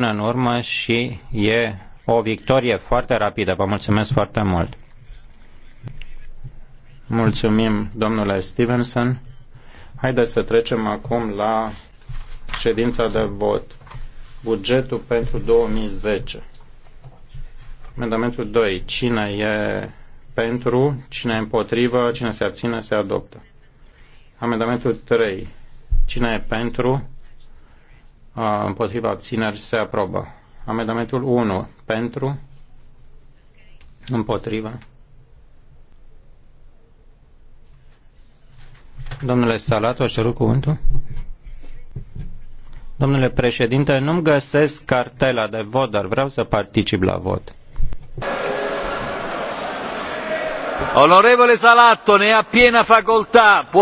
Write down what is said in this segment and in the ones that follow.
până în urmă și e o victorie foarte rapidă. Vă mulțumesc foarte mult. Mulțumim, domnule Stevenson. Haideți să trecem acum la ședința de vot. Bugetul pentru 2010. Amendamentul 2. Cine e pentru, cine e împotrivă, cine se abține, se adoptă. Amendamentul 3. Cine e pentru, împotriva abțineri se aprobă. Amendamentul 1 pentru, împotriva. Domnule Salato, aș cerut cuvântul. Domnule președinte, nu-mi găsesc cartela de vot, dar vreau să particip la vot. Onorevole Salato, ne a piena facultate.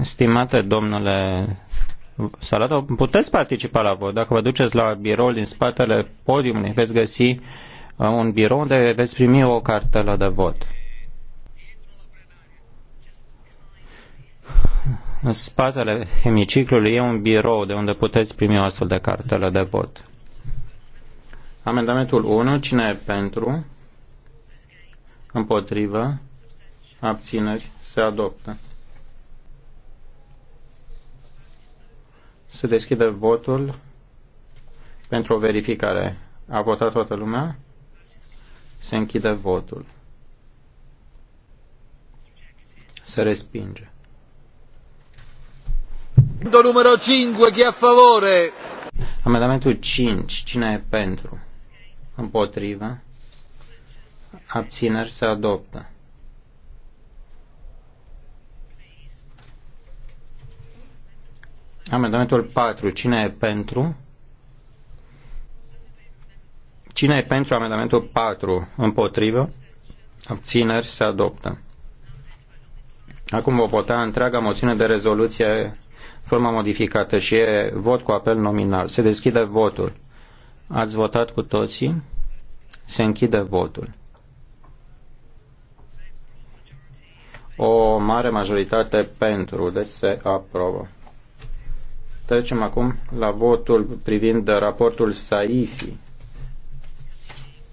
Stimate domnule salată, puteți participa la vot. Dacă vă duceți la biroul din spatele podiumului, veți găsi uh, un birou unde veți primi o cartelă de vot. În spatele hemiciclului e un birou de unde puteți primi o astfel de cartelă de vot. Amendamentul 1. Cine e pentru? Împotrivă? Abțineri? Se adoptă. să deschidă votul pentru o verificare. A votat toată lumea? Se închide votul. Se respinge. Numărul 5, chi a favore? Amendamentul 5. Cine e pentru? Împotrivă? Abțineri se adoptă. Amendamentul 4. Cine e pentru? Cine e pentru amendamentul 4? Împotrivă? Abțineri se adoptă. Acum vom vota întreaga moțiune de rezoluție forma modificată și e vot cu apel nominal. Se deschide votul. Ați votat cu toții? Se închide votul. O mare majoritate pentru, deci se aprobă. Trecem acum la votul privind raportul Saifi.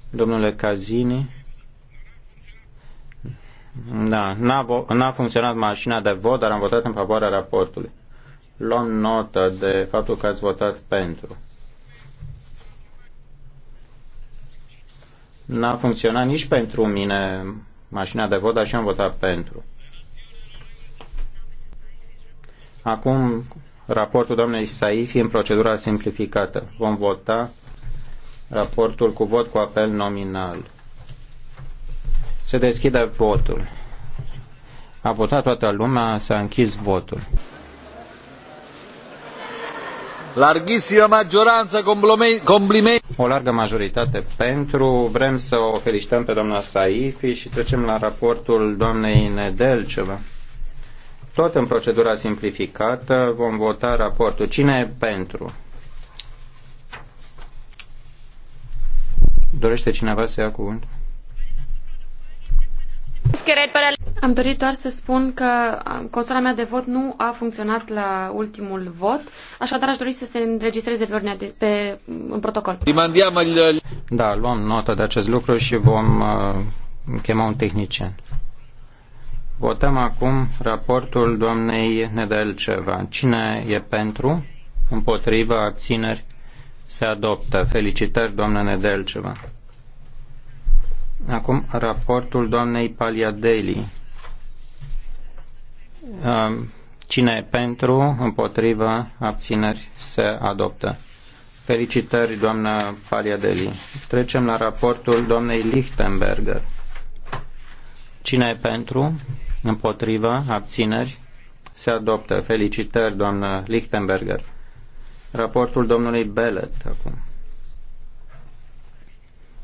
Domnule Cazini. Da, n-a, funcționat mașina de vot, dar am votat în favoarea raportului. Luăm notă de faptul că ați votat pentru. N-a funcționat nici pentru mine mașina de vot, dar și am votat pentru. Acum raportul doamnei Saifi în procedura simplificată. Vom vota raportul cu vot cu apel nominal. Se deschide votul. A votat toată lumea, s-a închis votul. Larghissima majoranță. complimenti. O largă majoritate pentru. Vrem să o felicităm pe doamna Saifi și trecem la raportul doamnei Nedelceva. Tot în procedura simplificată vom vota raportul. Cine e pentru? Dorește cineva să ia cuvânt? Am dorit doar să spun că consola mea de vot nu a funcționat la ultimul vot, așadar aș dori să se înregistreze pe, ordinea de, pe în protocol. Da, luăm notă de acest lucru și vom uh, chema un tehnician. Votăm acum raportul doamnei Nedelceva. Cine e pentru? Împotriva abțineri? Se adoptă. Felicitări, doamna Nedelceva. Acum raportul doamnei Paliadeli. Cine e pentru, împotriva, abțineri, se adoptă. Felicitări, doamna Paliadeli. Trecem la raportul doamnei Lichtenberger. Cine e pentru? Împotrivă? Abțineri? Se adoptă. Felicitări, doamnă Lichtenberger. Raportul domnului Bellet acum.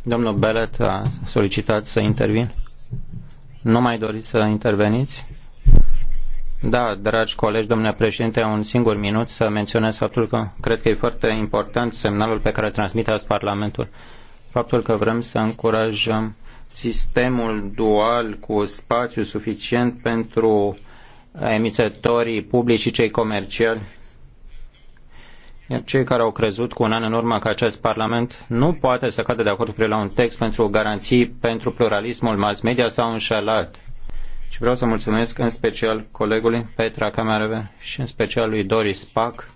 Domnul Bellet a solicitat să intervin. Nu mai doriți să interveniți? Da, dragi colegi, domnule președinte, un singur minut să menționez faptul că cred că e foarte important semnalul pe care îl transmite azi Parlamentul. Faptul că vrem să încurajăm sistemul dual cu spațiu suficient pentru emițătorii publici și cei comerciali. Iar cei care au crezut cu un an în urmă că acest Parlament nu poate să cadă de acord cu la un text pentru garanții pentru pluralismul mass media s-au înșelat. Și vreau să mulțumesc în special colegului Petra Camereve și în special lui Doris Pac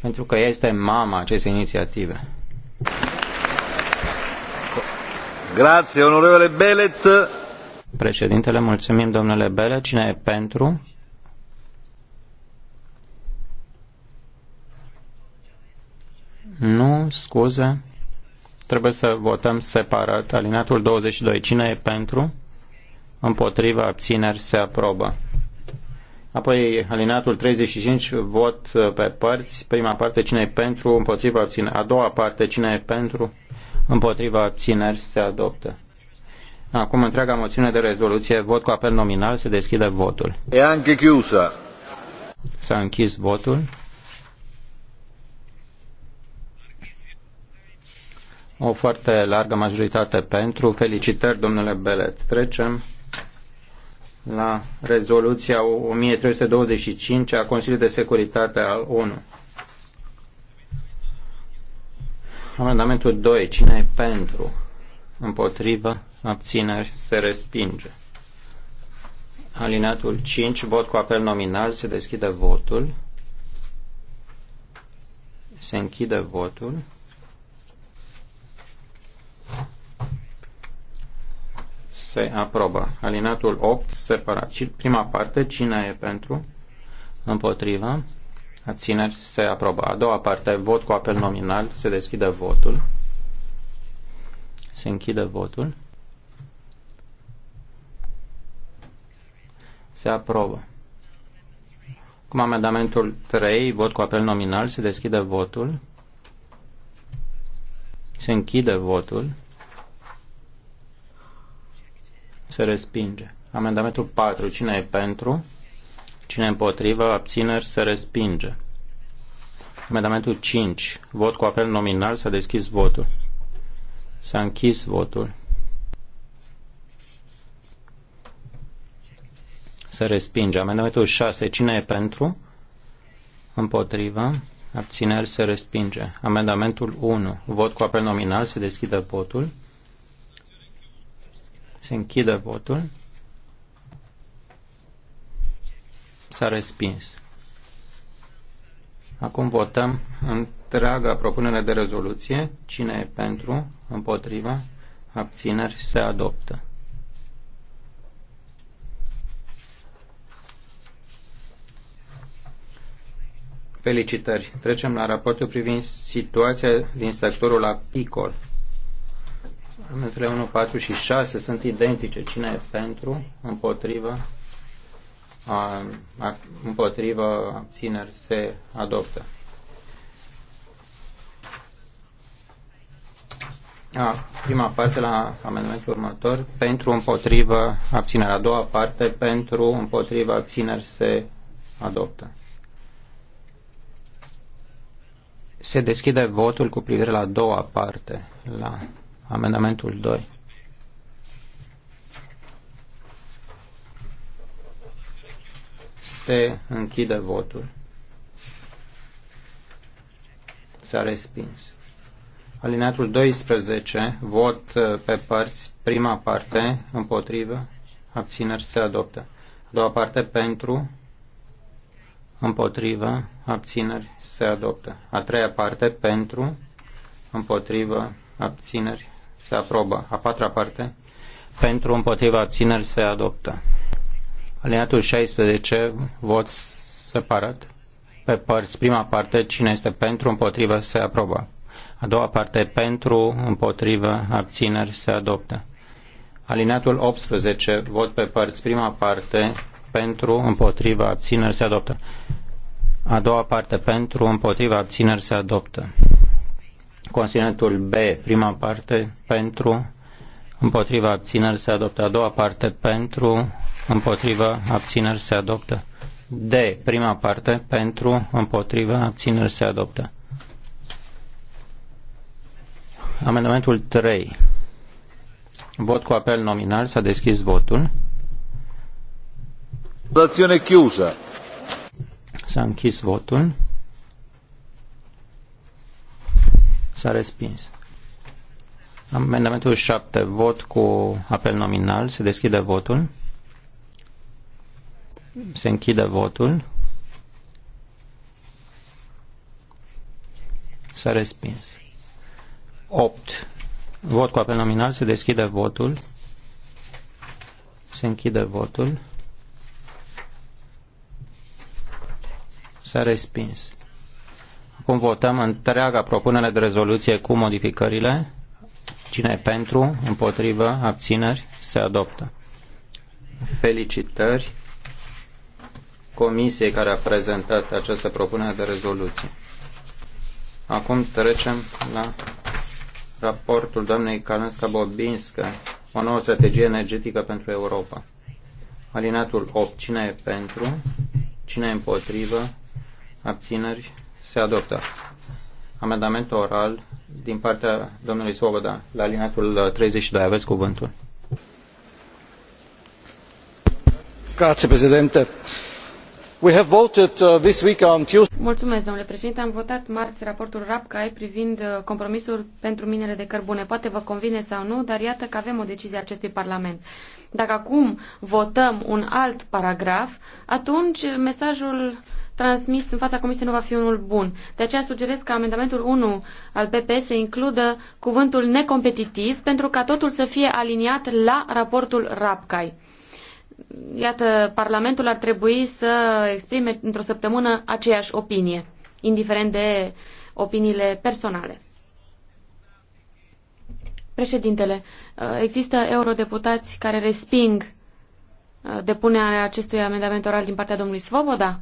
pentru că ea este mama acestei inițiative. Grazie, onorevole Belet. Președintele, mulțumim, domnule Belet. Cine e pentru? Nu, scuze. Trebuie să votăm separat. Alineatul 22. Cine e pentru? Împotriva abțineri se aprobă. Apoi alineatul 35, vot uh, pe părți. Prima parte, cine e pentru? Împotriva abțineri. A doua parte, cine e pentru? împotriva abțineri se adoptă. Acum întreaga moțiune de rezoluție, vot cu apel nominal, se deschide votul. E anche chiusa. S-a închis votul. O foarte largă majoritate pentru. Felicitări, domnule Belet. Trecem la rezoluția 1325 a Consiliului de Securitate al ONU. Amendamentul 2. Cine e pentru? Împotrivă? Abțineri? Se respinge. Alineatul 5. Vot cu apel nominal. Se deschide votul. Se închide votul. Se aprobă. Alineatul 8. Separat. Prima parte. Cine e pentru? Împotrivă? Abțineri se aprobă. A doua parte, vot cu apel nominal. Se deschide votul. Se închide votul. Se aprobă. Cum amendamentul 3, vot cu apel nominal, se deschide votul. Se închide votul. Se respinge. Amendamentul 4, cine e pentru? Cine împotrivă, abțineri, se respinge. Amendamentul 5. Vot cu apel nominal. S-a deschis votul. S-a închis votul. Se respinge. Amendamentul 6. Cine e pentru? Împotrivă. Abțineri se respinge. Amendamentul 1. Vot cu apel nominal. Se deschide votul. Se închide votul. S-a respins. Acum votăm întreaga propunere de rezoluție. Cine e pentru, împotriva, abțineri, se adoptă. Felicitări. Trecem la raportul privind situația din sectorul apicol. Amentele 1, 4 și 6 sunt identice. Cine e pentru, împotriva, împotriva abțineri, se adoptă. A, prima parte la amendamentul următor, pentru, împotriva abținere. A doua parte, pentru, împotriva abțineri, se adoptă. Se deschide votul cu privire la a doua parte, la amendamentul 2. Se închide votul. S-a respins. Alineatul 12, vot uh, pe părți, prima parte, împotrivă, abțineri se adoptă. A doua parte, pentru, împotrivă, abțineri se adoptă. A treia parte, pentru, împotrivă, abțineri se aprobă. A patra parte, pentru, împotrivă, abțineri se adoptă. Alineatul 16, vot separat. Pe părți, prima parte, cine este pentru, împotrivă, se aprobă. A doua parte, pentru, împotrivă, abțineri, se adoptă. Alineatul 18, vot pe părți, prima parte, pentru, împotrivă, abțineri, se adoptă. A doua parte, pentru, împotrivă, abțineri, se adoptă. Consilentul B, prima parte, pentru, împotriva abțineri se adoptă a doua parte pentru, împotrivă, abțineri se adoptă. D. Prima parte, pentru, împotrivă, abțineri se adoptă. Amendamentul 3. Vot cu apel nominal. S-a deschis votul. Votazione chiusa. S-a închis votul. S-a respins. Amendamentul 7. Vot cu apel nominal. Se deschide votul. Se închide votul. S-a respins. 8. Vot cu apel nominal. Se deschide votul. Se închide votul. S-a respins. Acum votăm întreaga propunere de rezoluție cu modificările. Cine e pentru, împotrivă, abțineri, se adoptă. Felicitări comisiei care a prezentat această propunere de rezoluție. Acum trecem la raportul doamnei Kalenska Bobinska, o nouă strategie energetică pentru Europa. Alinatul 8. Cine e pentru? Cine e împotrivă? Abțineri? Se adoptă. Amendament oral din partea domnului Svoboda la alinatul 32. Aveți cuvântul. Grazie, președinte. We have voted uh, this week on Tuesday. Mulțumesc, domnule președinte. Am votat marți raportul RAPCAE privind uh, compromisul pentru minele de cărbune. Poate vă convine sau nu, dar iată că avem o decizie a acestui Parlament. Dacă acum votăm un alt paragraf, atunci mesajul transmis în fața comisiei nu va fi unul bun. De aceea sugerez ca amendamentul 1 al PP să includă cuvântul necompetitiv pentru ca totul să fie aliniat la raportul RAPCAI iată, Parlamentul ar trebui să exprime într-o săptămână aceeași opinie, indiferent de opiniile personale. Președintele, există eurodeputați care resping uh, depunerea acestui amendament oral din partea domnului Svoboda?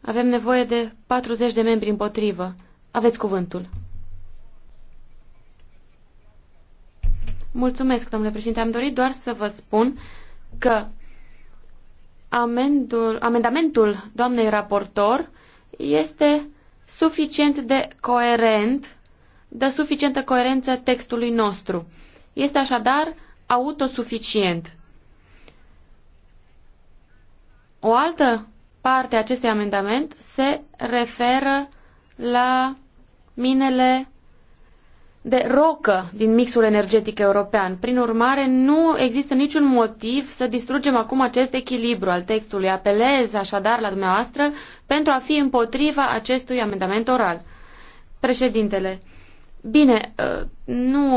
Avem nevoie de 40 de membri împotrivă. Aveți cuvântul. Mulțumesc, domnule președinte. Am dorit doar să vă spun că amendul, amendamentul doamnei raportor este suficient de coerent, dă suficientă coerență textului nostru. Este așadar autosuficient. O altă parte a acestui amendament se referă la minele de rocă din mixul energetic european. Prin urmare, nu există niciun motiv să distrugem acum acest echilibru al textului. Apelez așadar la dumneavoastră pentru a fi împotriva acestui amendament oral. Președintele, bine, uh, nu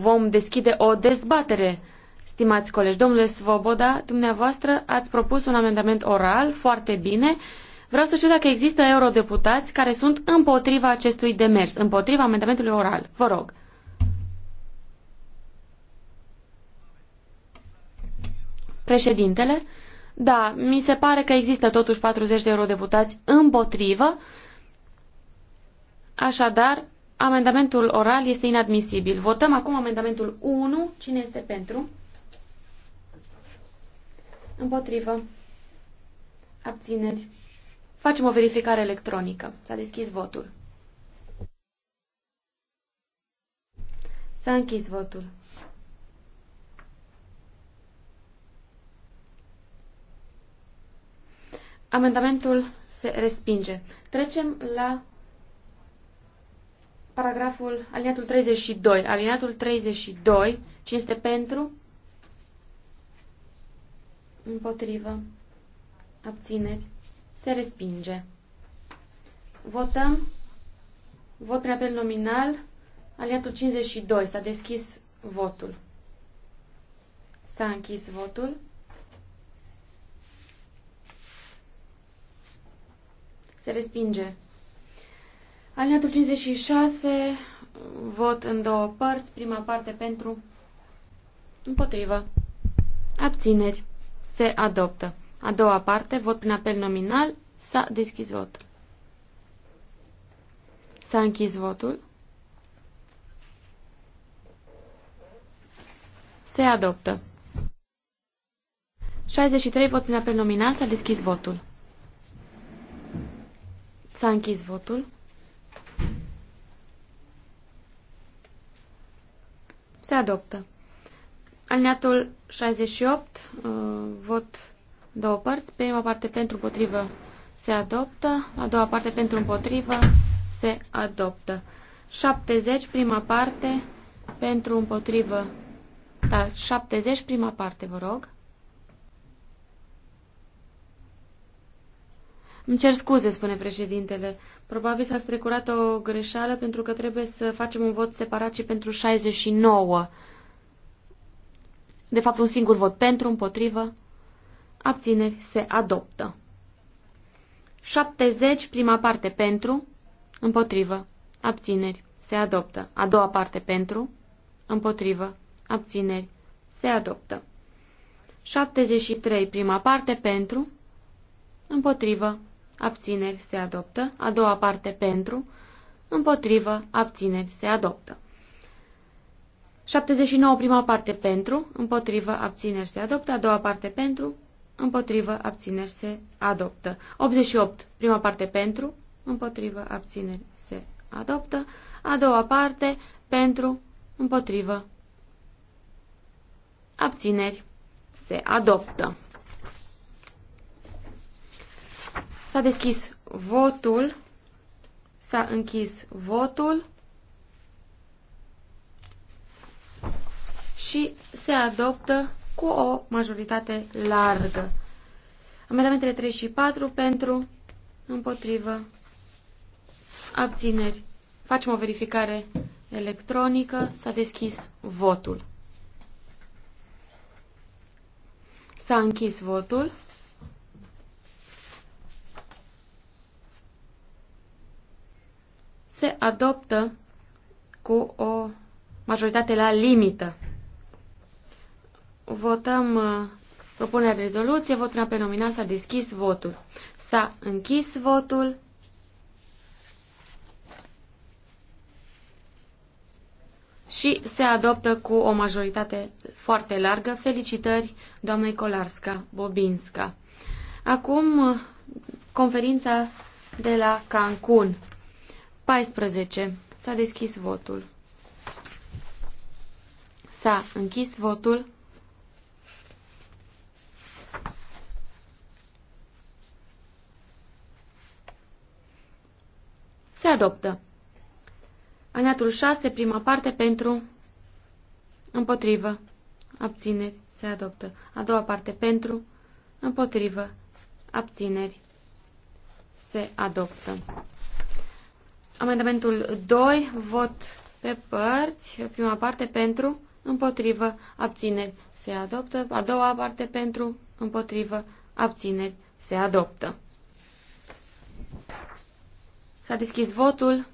vom deschide o dezbatere. Stimați colegi, domnule Svoboda, dumneavoastră ați propus un amendament oral, foarte bine, Vreau să știu dacă există eurodeputați care sunt împotriva acestui demers, împotriva amendamentului oral. Vă rog. Președintele? Da, mi se pare că există totuși 40 de eurodeputați împotrivă. Așadar, amendamentul oral este inadmisibil. Votăm acum amendamentul 1. Cine este pentru? Împotrivă. Abțineri. Facem o verificare electronică. S-a deschis votul. S-a închis votul. Amendamentul se respinge. Trecem la paragraful aliniatul 32. Aliniatul 32, cine este pentru? Împotrivă. Abțineri. Se respinge. Votăm. Vot prin apel nominal. Aliatul 52. S-a deschis votul. S-a închis votul. Se respinge. Aliatul 56, vot în două părți, prima parte pentru, împotrivă, abțineri, se adoptă. A doua parte, vot prin apel nominal, s-a deschis votul. S-a închis votul. Se adoptă. 63 vot prin apel nominal, s-a deschis votul. S-a închis votul. Se adoptă. Alineatul 68, uh, vot două părți. Prima parte pentru împotrivă se adoptă, a doua parte pentru împotrivă se adoptă. 70, prima parte, pentru împotrivă. Da, 70, prima parte, vă rog. Îmi cer scuze, spune președintele. Probabil s-a strecurat o greșeală pentru că trebuie să facem un vot separat și pentru 69. De fapt, un singur vot pentru, împotrivă, abțineri, se adoptă. 70, prima parte pentru, împotrivă, abțineri, se adoptă. A doua parte pentru, împotrivă, abțineri, se adoptă. 73, prima parte pentru, împotrivă, abțineri, se adoptă. A doua parte pentru, împotrivă, abțineri, se adoptă. 79, prima parte pentru, împotrivă, abțineri, se adoptă. A doua parte pentru, împotrivă, abțineri, se adoptă. 88, prima parte pentru, împotrivă, abțineri, se adoptă. A doua parte pentru, împotrivă, abțineri, se adoptă. S-a deschis votul, s-a închis votul și se adoptă cu o majoritate largă. Amendamentele 3 și 4 pentru, împotrivă, abțineri. Facem o verificare electronică. S-a deschis votul. S-a închis votul. Se adoptă cu o majoritate la limită. Votăm uh, propunerea de rezoluție. Votul în nominal s-a deschis votul. S-a închis votul. și se adoptă cu o majoritate foarte largă. Felicitări doamnei Colarska Bobinska. Acum uh, conferința de la Cancun. 14. S-a deschis votul. S-a închis votul. adoptă. Aneatul 6, prima parte, pentru, împotrivă, abțineri, se adoptă. A doua parte, pentru, împotrivă, abțineri, se adoptă. Amendamentul 2, vot pe părți, prima parte, pentru, împotrivă, abțineri, se adoptă. A doua parte, pentru, împotrivă, abțineri, se adoptă. S-a deschis votul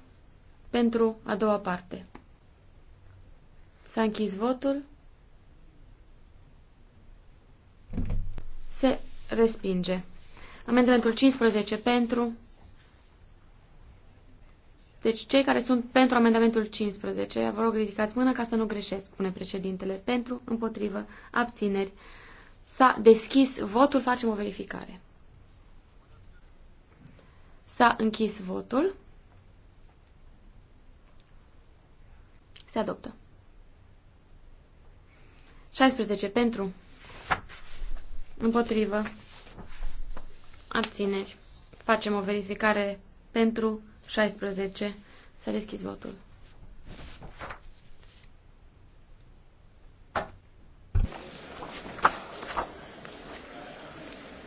pentru a doua parte. S-a închis votul. Se respinge. Amendamentul 15 pentru. Deci cei care sunt pentru amendamentul 15, vă rog ridicați mâna ca să nu greșesc, spune președintele. Pentru, împotrivă, abțineri. S-a deschis votul, facem o verificare. S-a închis votul. Se adoptă. 16 pentru. Împotrivă. Abțineri. Facem o verificare pentru 16. S-a deschis votul.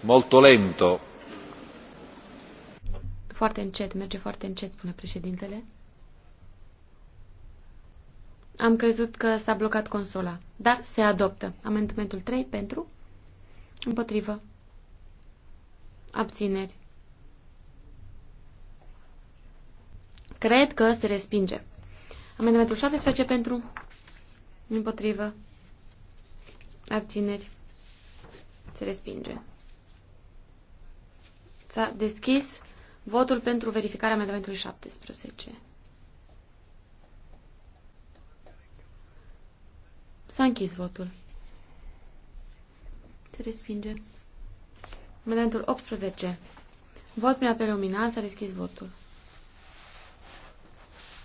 Molto lento. Foarte încet, merge foarte încet, spune președintele. Am crezut că s-a blocat consola. Da, se adoptă. Amendamentul 3 pentru? Împotrivă. Abțineri. Cred că se respinge. Amendamentul 17 pentru? Împotrivă. Abțineri. Se respinge. S-a deschis Votul pentru verificarea amendamentului 17. S-a închis votul. Se respinge. Amendamentul 18. Vot prin apel luminal. S-a deschis votul.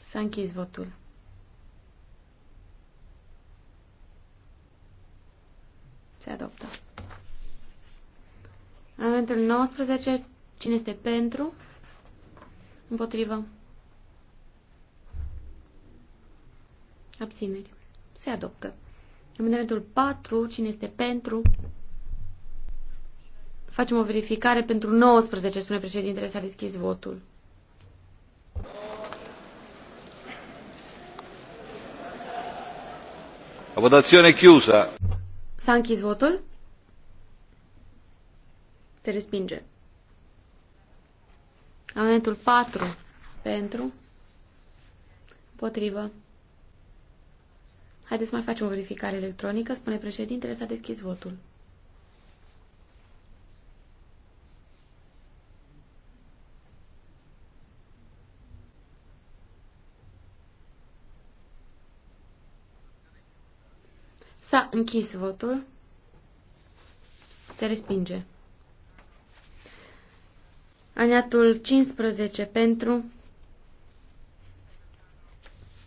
S-a închis votul. Se adoptă. Amendamentul 19. Cine este pentru? Împotrivă. Abțineri. Se adoptă. Amendamentul 4. Cine este pentru? Facem o verificare pentru 19, spune președintele. S-a deschis votul. La votazione chiusa. S-a închis votul? Se respinge. Amendamentul 4 pentru. Potrivă. Haideți să mai facem o verificare electronică. Spune președintele, s-a deschis votul. S-a închis votul. Se respinge. Aniatul 15 pentru.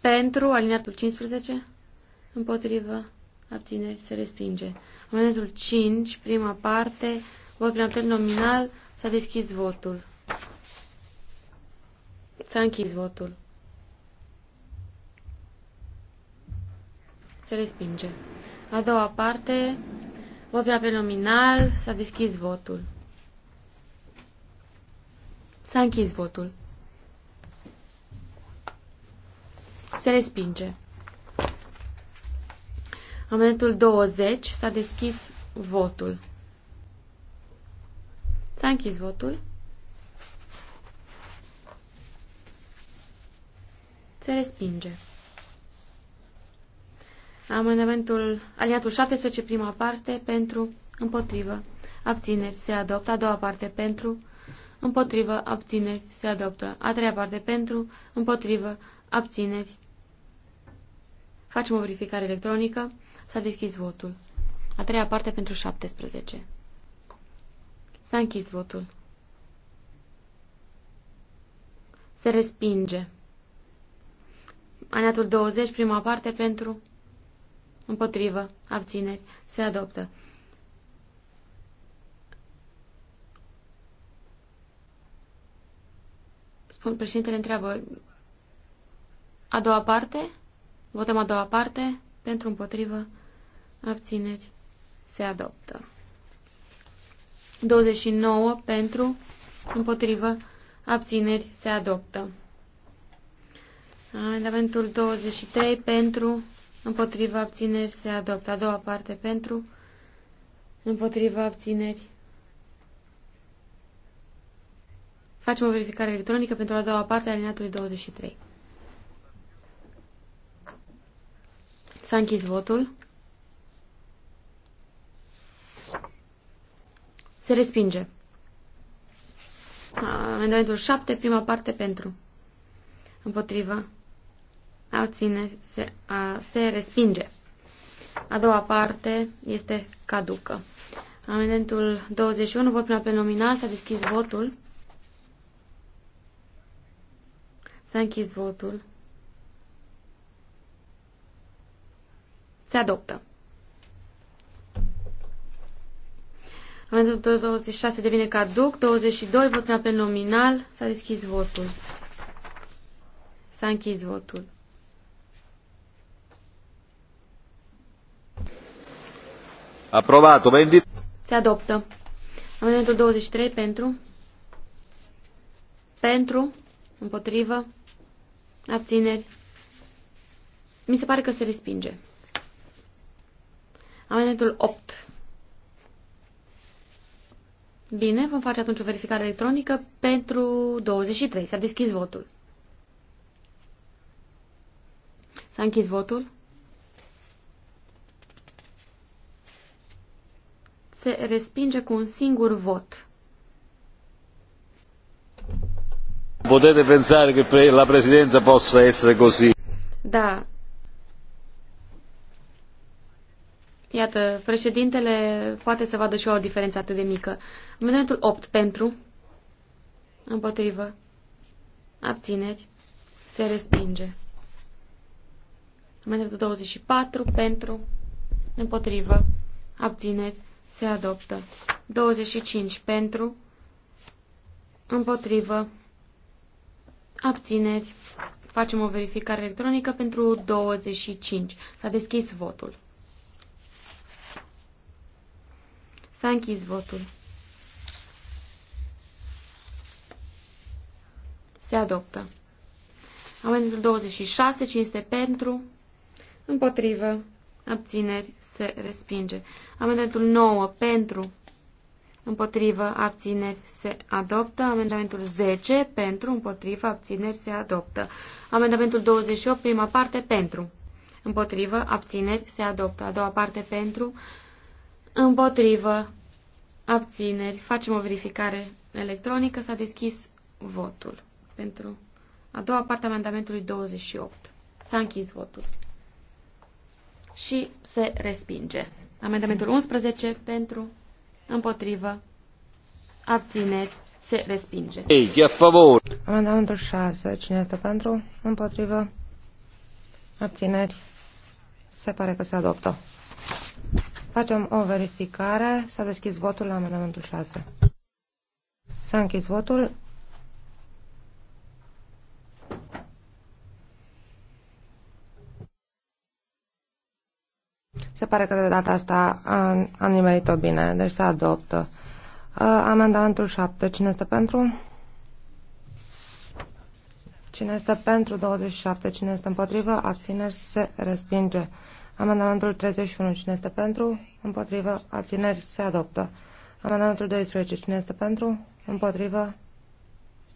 Pentru aliniatul 15. Împotrivă. Abțineri. Se respinge. aliniatul 5, prima parte. Vot prin apel nominal. S-a deschis votul. S-a închis votul. Se respinge. A doua parte. Vot prin apel nominal. S-a deschis votul. S-a închis votul. Se respinge. Amendamentul 20 s-a deschis votul. S-a închis votul. Se respinge. Amendamentul aliatul 17, prima parte, pentru, împotrivă, abțineri, se adoptă, a doua parte, pentru, împotrivă, abțineri, se adoptă. A treia parte pentru, împotrivă, abțineri. Facem o verificare electronică. S-a deschis votul. A treia parte pentru 17. S-a închis votul. Se respinge. Aniatul 20, prima parte pentru, împotrivă, abțineri, se adoptă. Președintele întreabă, a doua parte? Votăm a doua parte? Pentru împotrivă? Abțineri? Se adoptă. 29 pentru, împotrivă, abțineri, se adoptă. Elementul 23 pentru, împotrivă, abțineri, se adoptă. A doua parte pentru, împotrivă, abțineri, Facem o verificare electronică pentru a doua parte a alineatului 23. S-a închis votul. Se respinge. Amendamentul 7, prima parte pentru. Împotriva. Abțineri. Se, a, se respinge. A doua parte este caducă. Amendamentul 21, vot prin apel nominal, s-a deschis votul. S-a închis votul. Se adoptă. Amendamentul 26 devine caduc. 22, vot prin apel nominal. S-a deschis votul. S-a închis votul. Aprobat. Se adoptă. Amendamentul 23 pentru. Pentru. Împotrivă. Abțineri. Mi se pare că se respinge. Amendamentul 8. Bine, vom face atunci o verificare electronică pentru 23. S-a deschis votul. S-a închis votul. Se respinge cu un singur vot. Potete pensare che la presidenza possa essere così? Da. Iată, președintele poate să vadă și o diferență atât de mică. Amendamentul 8 pentru, împotrivă, abțineri, se respinge. Amendamentul 24 pentru, împotrivă, abțineri, se adoptă. 25 pentru, împotrivă, Abțineri. Facem o verificare electronică pentru 25. S-a deschis votul. S-a închis votul. Se adoptă. Amendamentul 26, 5 pentru, împotrivă, abțineri, se respinge. Amendamentul 9, pentru, împotrivă, abțineri, se adoptă. Amendamentul 10, pentru, împotrivă, abțineri, se adoptă. Amendamentul 28, prima parte, pentru, împotrivă, abțineri, se adoptă. A doua parte, pentru, împotrivă, abțineri. Facem o verificare electronică. S-a deschis votul pentru a doua parte amendamentului 28. S-a închis votul. Și se respinge. Amendamentul 11 pentru împotrivă, abțineri, se respinge. Ei, a favor! Amendamentul 6, cine este pentru, împotrivă, abțineri, se pare că se adoptă. Facem o verificare, s-a deschis votul la amendamentul 6. S-a închis votul. Se pare că de data asta am, nimerit-o bine, deci se adoptă. Uh, amendamentul 7. Cine este pentru? Cine este pentru 27? Cine este împotrivă? Abțineri se respinge. Amendamentul 31. Cine este pentru? Împotrivă. Abțineri se adoptă. Amendamentul 12. Cine este pentru? Împotrivă.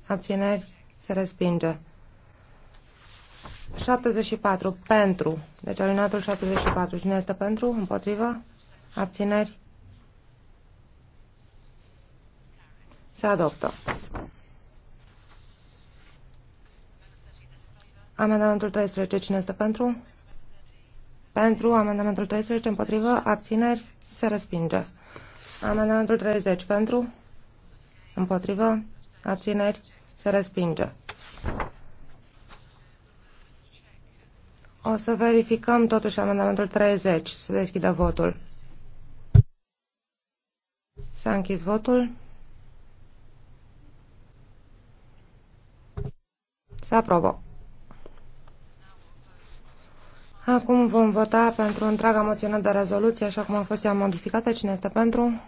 Abțineri se respinge. 74 pentru. Deci alinatul 74. Cine este pentru? Împotrivă? Abțineri? Se adoptă. Amendamentul 13. Cine este pentru? Pentru amendamentul 13. Împotrivă? Abțineri? Se respinge. Amendamentul 30. Pentru? Împotrivă? Abțineri? Se respinge. O să verificăm totuși amendamentul 30. Să deschidă votul. S-a închis votul. Se aprobă. Acum vom vota pentru întreaga moțiune de rezoluție, așa cum a fost ea modificată. Cine este pentru?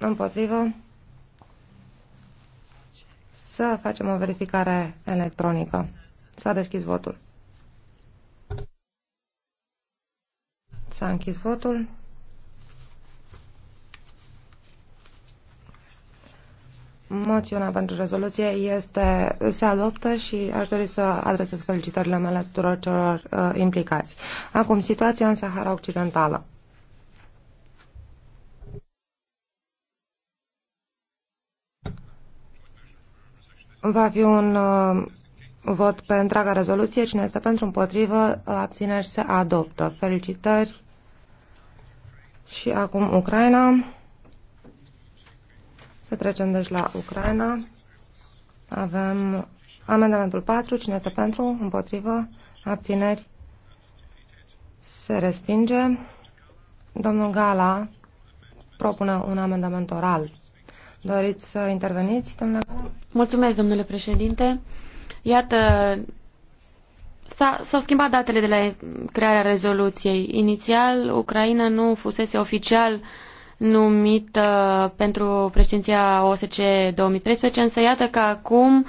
Împotrivă? Să facem o verificare electronică. S-a deschis votul. S-a închis votul. Moțiunea pentru rezoluție este, se adoptă și aș dori să adresez felicitările mele tuturor celor uh, implicați. Acum, situația în Sahara Occidentală. Va fi un uh, vot pe întreaga rezoluție. Cine este pentru împotrivă, abțineri se adoptă. Felicitări și acum Ucraina. Să trecem deci la Ucraina. Avem amendamentul 4. Cine este pentru? Împotrivă? Abțineri? Se respinge. Domnul Gala propune un amendament oral. Doriți să interveniți, domnule Mulțumesc, domnule președinte. Iată, S-au schimbat datele de la crearea rezoluției. Inițial, Ucraina nu fusese oficial numită pentru președinția OSCE 2013, însă iată că acum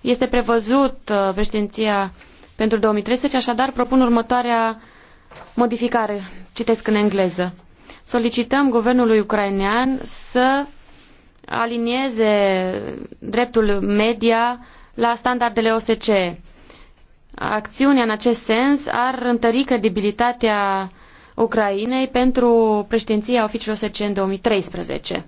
este prevăzut uh, președinția pentru 2013, așadar propun următoarea modificare. Citesc în engleză. Solicităm guvernului ucrainean să alinieze dreptul media la standardele OSCE Acțiunea în acest sens ar întări credibilitatea Ucrainei pentru președinția oficiului OSCE în 2013.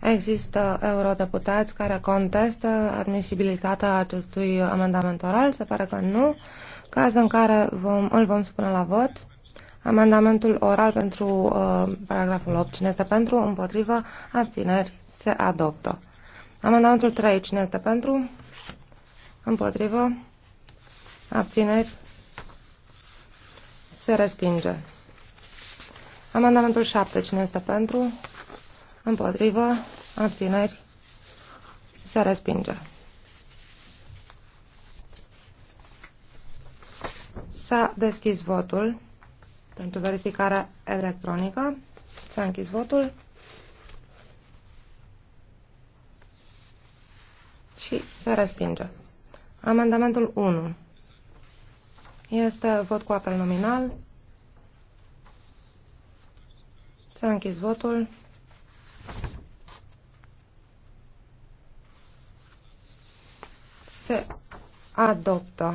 Există eurodeputați care contestă admisibilitatea acestui amendament oral? Se pare că nu. Caz în care vom, îl vom supune la vot. Amendamentul oral pentru uh, paragraful 8. Cine este pentru, împotrivă, abțineri, se adoptă. Amendamentul 3. Cine este pentru? Împotrivă. Abțineri. Se respinge. Amendamentul 7. Cine este pentru? Împotrivă. Abțineri. Se respinge. S-a deschis votul pentru verificarea electronică. S-a închis votul. și se respinge. Amendamentul 1 este vot cu apel nominal. S-a închis votul. Se adoptă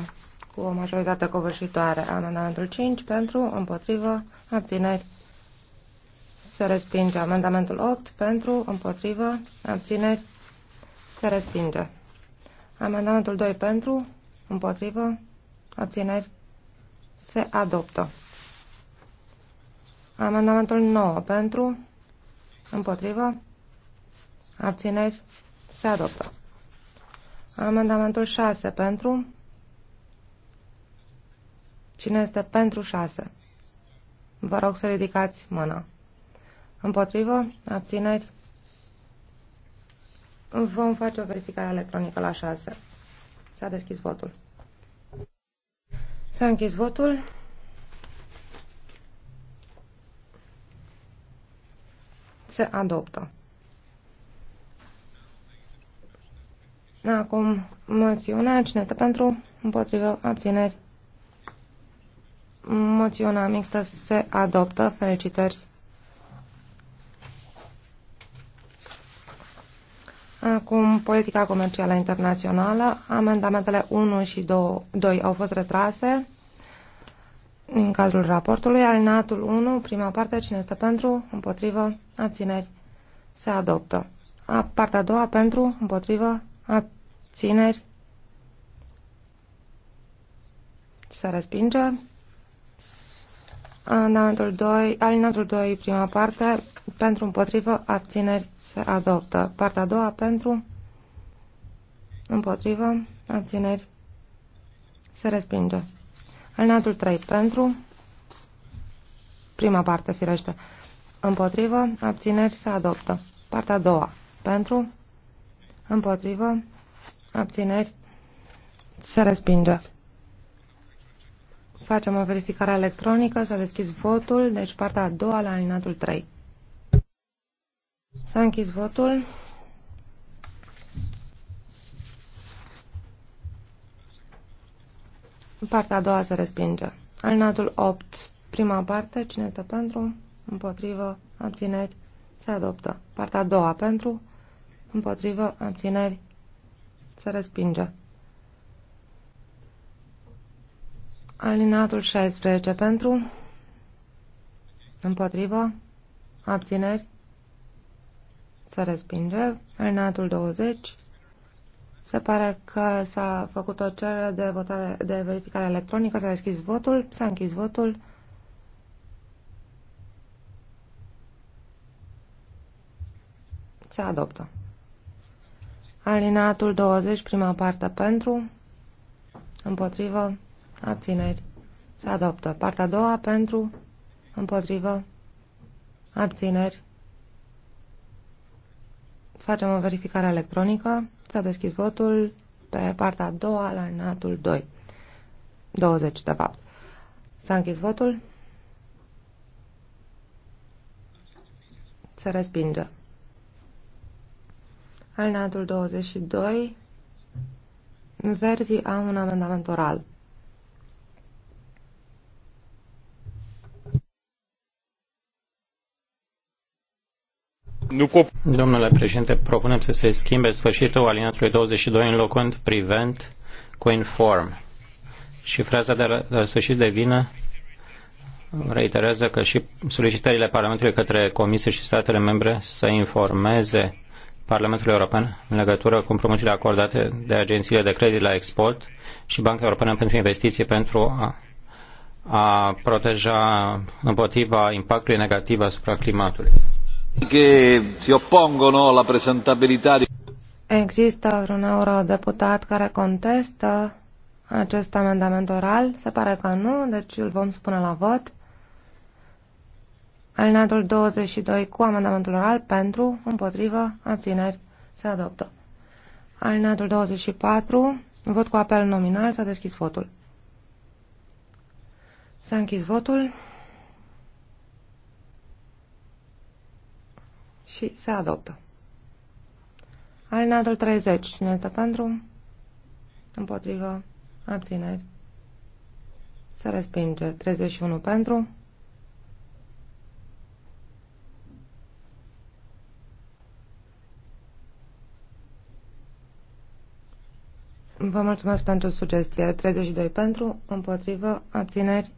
cu o majoritate covârșitoare amendamentul 5 pentru, împotrivă, abțineri. Se respinge amendamentul 8 pentru, împotrivă, abțineri. Se respinge. Amendamentul 2 pentru, împotrivă, abțineri, se adoptă. Amendamentul 9 pentru, împotrivă, abțineri, se adoptă. Amendamentul 6 pentru, cine este pentru 6? Vă rog să ridicați mâna. Împotrivă, abțineri, Vom face o verificare electronică la 6. S-a deschis votul. S-a închis votul. Se adoptă. Acum, moțiunea, cine pentru, împotrivă, abțineri. Moțiunea mixtă se adoptă. Felicitări Acum, politica comercială internațională, amendamentele 1 și 2 2 au fost retrase în cadrul raportului. Alinatul 1, prima parte, cine este pentru, împotrivă, abțineri, se adoptă. A, partea a doua, pentru, împotrivă, abțineri, se respinge. Amendamentul 2, alinatul 2, prima parte, pentru împotrivă, abțineri, se adoptă. Partea a doua pentru împotrivă, abțineri, se respinge. Alineatul 3 pentru prima parte, firește. Împotrivă, abțineri, se adoptă. Partea a doua pentru împotrivă, abțineri, se respinge. Facem o verificare electronică, să deschizi deschis votul, deci partea a doua la alinatul 3. S-a închis votul. Partea a doua se respinge. Alinatul 8, prima parte, cine este pentru, împotrivă, abțineri, se adoptă. Partea a doua pentru, împotrivă, abțineri, se respinge. Alinatul 16 pentru, împotrivă, abțineri, se respinge. Alinatul 20, se pare că s-a făcut o cerere de, votare, de verificare electronică, s-a deschis votul, s-a închis votul. Se adoptă. Alinatul 20, prima parte pentru, împotrivă, abțineri. Se adoptă. Partea a doua pentru, împotrivă, abțineri. Facem o verificare electronică. S-a deschis votul pe partea a doua la alinatul 2. 20, de fapt. S-a închis votul. Se respinge. Alinatul 22. Verzii au un amendament oral. Domnule președinte, propunem să se schimbe sfârșitul alineatului 22 înlocuind prevent cu inform. Și fraza de la sfârșit devine reiterează că și solicitările Parlamentului către Comisie și statele membre să informeze Parlamentul European în legătură cu împrumuturile acordate de agențiile de credit la export și Banca Europeană pentru Investiții pentru a, a proteja împotriva impactului negativ asupra climatului. Există vreun eurodeputat care contestă acest amendament oral? Se pare că nu, deci îl vom spune la vot. Alinatul 22 cu amendamentul oral pentru, împotrivă, abțineri, se adoptă. Alinatul 24, vot cu apel nominal, s-a deschis votul. S-a închis votul. și se adoptă. Alinatul 30. Cine este pentru? Împotrivă. Abțineri. Se respinge. 31 pentru. Vă mulțumesc pentru sugestie. 32 pentru, împotrivă, abțineri.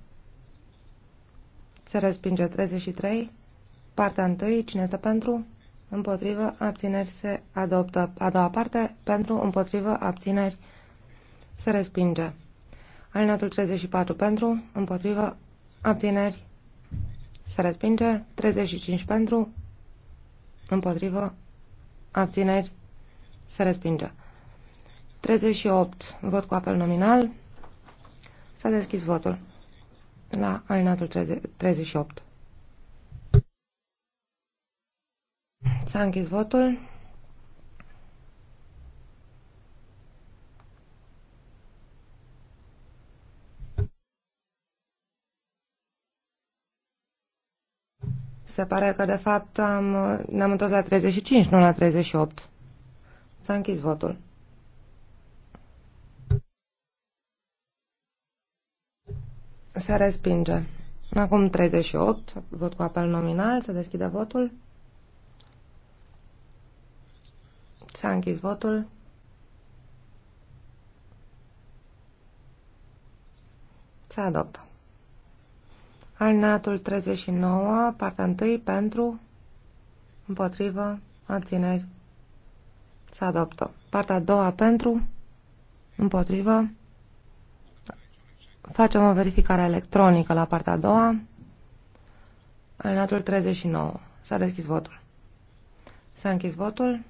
Se respinge 33. Partea întâi, cine este pentru? Împotrivă, abțineri se adoptă. A doua parte, pentru, împotrivă, abțineri se respinge. Alinatul 34 pentru, împotrivă, abțineri se respinge. 35 pentru, împotrivă, abțineri se respinge. 38, vot cu apel nominal. S-a deschis votul la alinatul 38. S-a închis votul. Se pare că, de fapt, am, ne-am întors la 35, nu la 38. S-a închis votul. Se respinge. Acum 38, vot cu apel nominal, se deschide votul. S-a închis votul. Se adoptă. Alinatul 39, partea 1, pentru, împotrivă, abțineri. Se adoptă. Partea a doua pentru, împotrivă. Facem o verificare electronică la partea a doua. Alinatul 39. S-a deschis votul. S-a închis votul.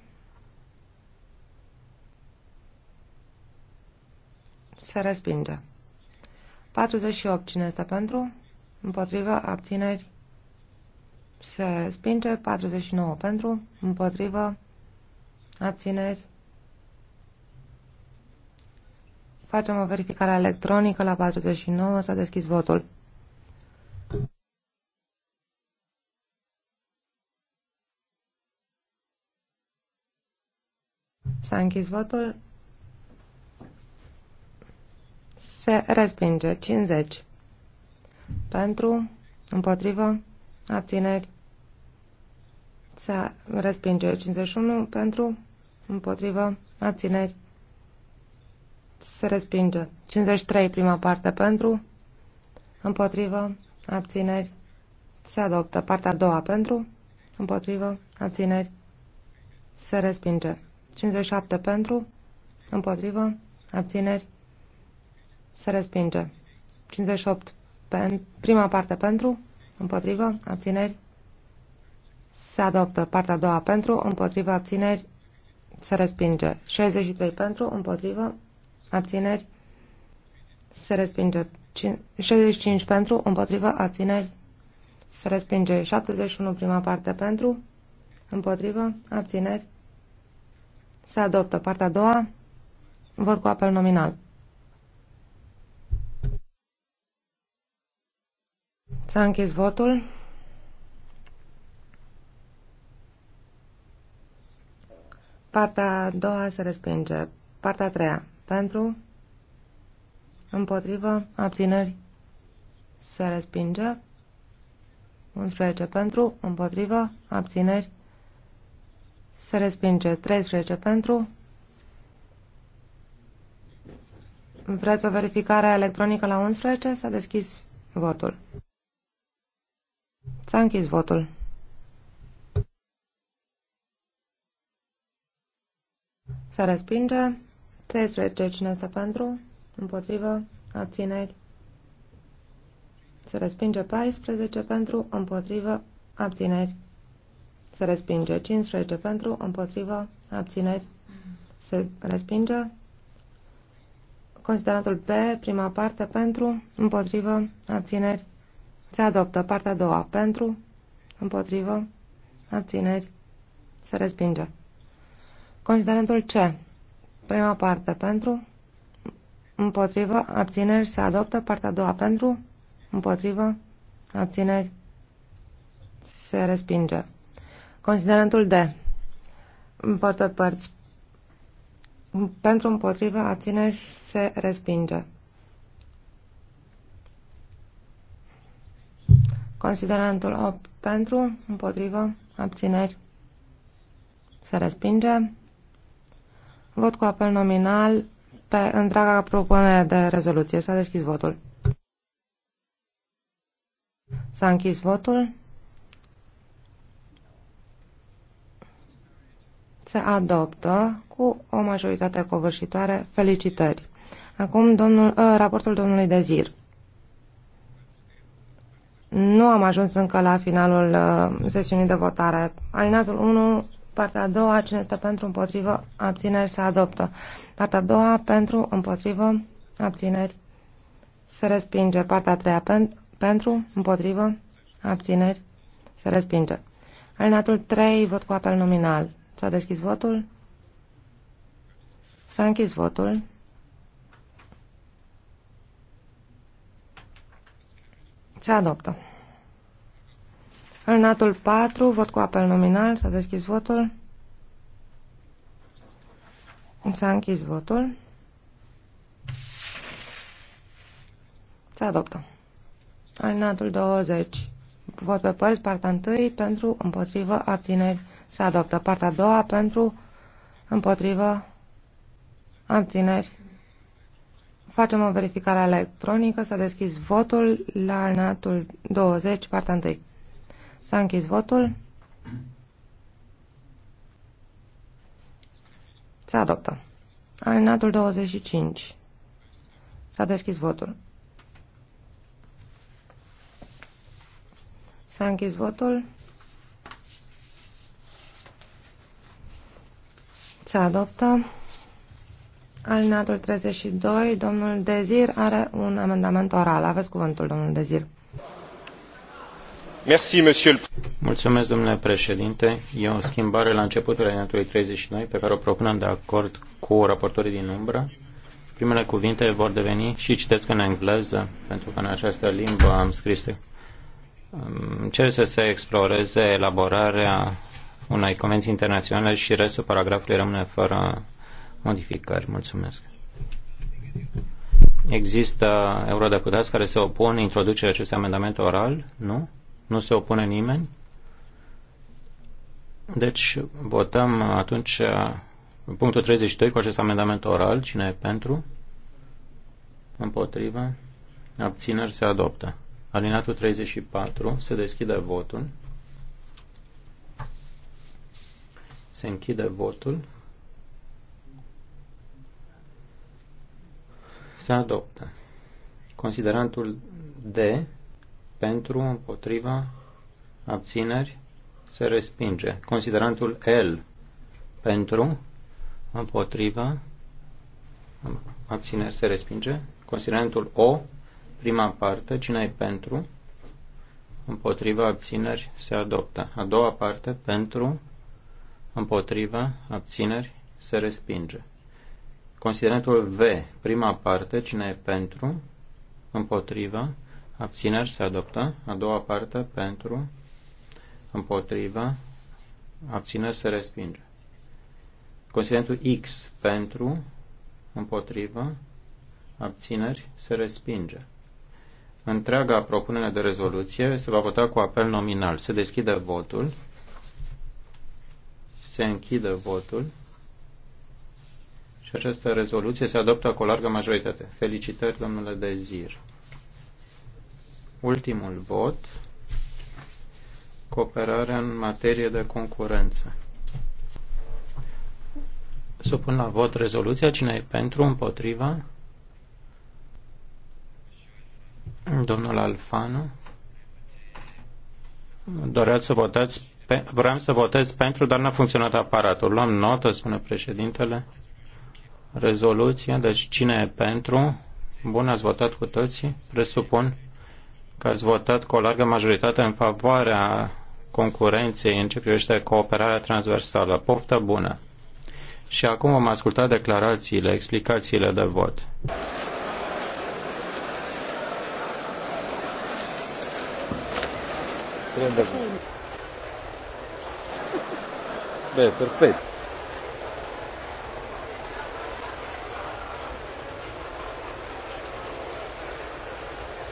Se respinge. 48. Cine este pentru? Împotrivă. Abțineri. Se respinge. 49. Pentru. Împotrivă. Abțineri. Facem o verificare electronică la 49. S-a deschis votul. S-a închis votul. Se respinge. 50. Pentru, împotrivă, abțineri. Se respinge. 51. Pentru, împotrivă, abțineri. Se respinge. 53. Prima parte. Pentru, împotrivă, abțineri. Se adoptă. Partea a doua. Pentru, împotrivă, abțineri. Se respinge. 57. Pentru, împotrivă, abțineri se respinge. 58 pen, prima parte pentru, împotrivă, abțineri, se adoptă. Partea a doua pentru, împotrivă, abțineri, se respinge. 63 pentru, împotrivă, abțineri, se respinge. 65 pentru, împotrivă, abțineri, se respinge. 71 prima parte pentru, împotrivă, abțineri, se adoptă. Partea a doua, vot cu apel nominal. S-a închis votul. Partea a doua se respinge. Partea a treia. Pentru. Împotrivă. Abțineri. Se respinge. 11 pentru. Împotrivă. Abțineri. Se respinge. 13 pentru. Vreți o verificare electronică la 11? S-a deschis votul. S-a închis votul. Se respinge. 13. Cine este pentru? Împotrivă. Abțineri. Se respinge 14 pentru, împotrivă, abțineri. Se respinge 15 pentru, împotrivă, abțineri. Se respinge considerantul B, prima parte, pentru, împotrivă, abțineri. Se adoptă. Partea a doua. Pentru. Împotrivă. Abțineri. Se respinge. Considerentul C. Prima parte. Pentru. Împotrivă. Abțineri. Se adoptă. Partea a doua. Pentru. Împotrivă. Abțineri. Se respinge. Considerentul D. În părți. Pentru împotrivă, abțineri se respinge. Considerantul 8 pentru, împotrivă, abțineri, se respinge. Vot cu apel nominal pe întreaga propunere de rezoluție. S-a deschis votul. S-a închis votul. Se adoptă cu o majoritate covârșitoare. Felicitări! Acum domnul, ă, raportul domnului Dezir. Nu am ajuns încă la finalul uh, sesiunii de votare. Alinatul 1, partea a doua, cine este pentru, împotrivă, abțineri, se adoptă. Partea a doua, pentru, împotrivă, abțineri, se respinge. Partea a treia, pen, pentru, împotrivă, abțineri, se respinge. Alinatul 3, vot cu apel nominal. S-a deschis votul? S-a închis votul. Se adoptă. În Alinatul 4, vot cu apel nominal, s-a deschis votul. S-a închis votul. Se adoptă. Alinatul 20, vot pe părți, partea 1, pentru, împotrivă, abțineri, se adoptă. Partea 2, pentru, împotrivă, abțineri, Facem o verificare electronică, s-a deschis votul la alinatul 20, partea 1. S-a închis votul. Se adoptă. Alinatul 25. S-a deschis votul. S-a închis votul. Se adoptă. Alinatul 32, domnul Dezir are un amendament oral. Aveți cuvântul, domnul Dezir. Merci, monsieur. Mulțumesc, domnule președinte. E o schimbare la începutul alinatului 32 pe care o propunem de acord cu raportorii din umbră. Primele cuvinte vor deveni și citesc în engleză, pentru că în această limbă am scris. Um, Cer să se exploreze elaborarea unei convenții internaționale și restul paragrafului rămâne fără modificări. Mulțumesc. Există eurodeputați care se opun introducerea acestui amendament oral? Nu? Nu se opune nimeni? Deci votăm atunci uh, punctul 32 cu acest amendament oral. Cine e pentru? Împotrivă? Abțineri se adoptă. Alinatul 34. Se deschide votul. Se închide votul. se adoptă. Considerantul D pentru, împotriva, abțineri, se respinge. Considerantul L pentru, împotriva, abțineri, se respinge. Considerantul O, prima parte, cine e pentru, împotriva, abțineri, se adoptă. A doua parte, pentru, împotriva, abțineri, se respinge. Considerentul V, prima parte, cine e pentru, împotrivă, abțineri se adoptă, a doua parte, pentru, împotrivă, abțineri se respinge. Considerentul X, pentru, împotrivă, abțineri se respinge. Întreaga propunere de rezoluție se va vota cu apel nominal. Se deschide votul. Se închide votul și această rezoluție se adoptă cu o largă majoritate. Felicitări, domnule Dezir. Ultimul vot, cooperarea în materie de concurență. Supun la vot rezoluția. Cine e pentru, împotriva? Domnul Alfano. Doreați să votați pe, vreau să votez pentru, dar n-a funcționat aparatul. Luăm notă, spune președintele rezoluție, deci cine e pentru? Bun, ați votat cu toții? Presupun că ați votat cu o largă majoritate în favoarea concurenței în ce privește cooperarea transversală. Poftă bună! Și acum vom asculta declarațiile, explicațiile de vot. Bine, perfect.